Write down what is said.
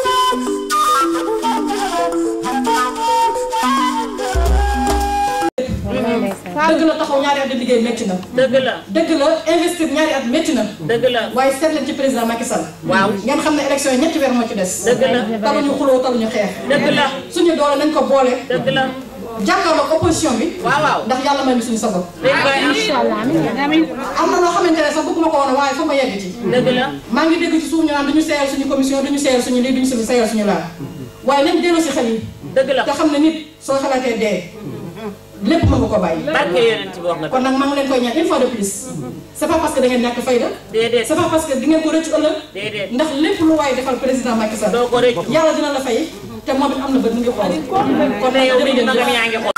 dëgg la taxaw ñaari at di liggéey métti na. dëgg la dëgg la investir ñaari at métti na. dëgg la waaye seet leen ci président Macky Sall. waaw ngeen xam ne élection yi ñetti weer moo ci des. dëgg la ñu xuloo taluñu xeex. dëgg la suñu doole nañ ko boole. dëgg la. jàkkaarloog opposition bi. waaw waaw ndax yàlla may ñu suñu sago. am na loo xamante ne sax bëgg ma ko woon waaye fa ma yegg ci. maa ngi dégg ci naan du ñu seeyal suñu commission du ñu seeyal suñu lii du ñu seeyal suñu laa waaye nañ delloo xel yi. te xam ne nit soo xalaatee dee. lépp mën nga ko bàyyi. na kon nag maa ngi leen koy ñaan une fois de plus. c' est pas parce que da ngeen ñàkk fayda. ko rëcc ëllëg. ndax lépp lu waaye defal président Macky Sall. doo la fay te moom it am na bët mu ngi xool. kon yow mii dina nga yaa ngi xool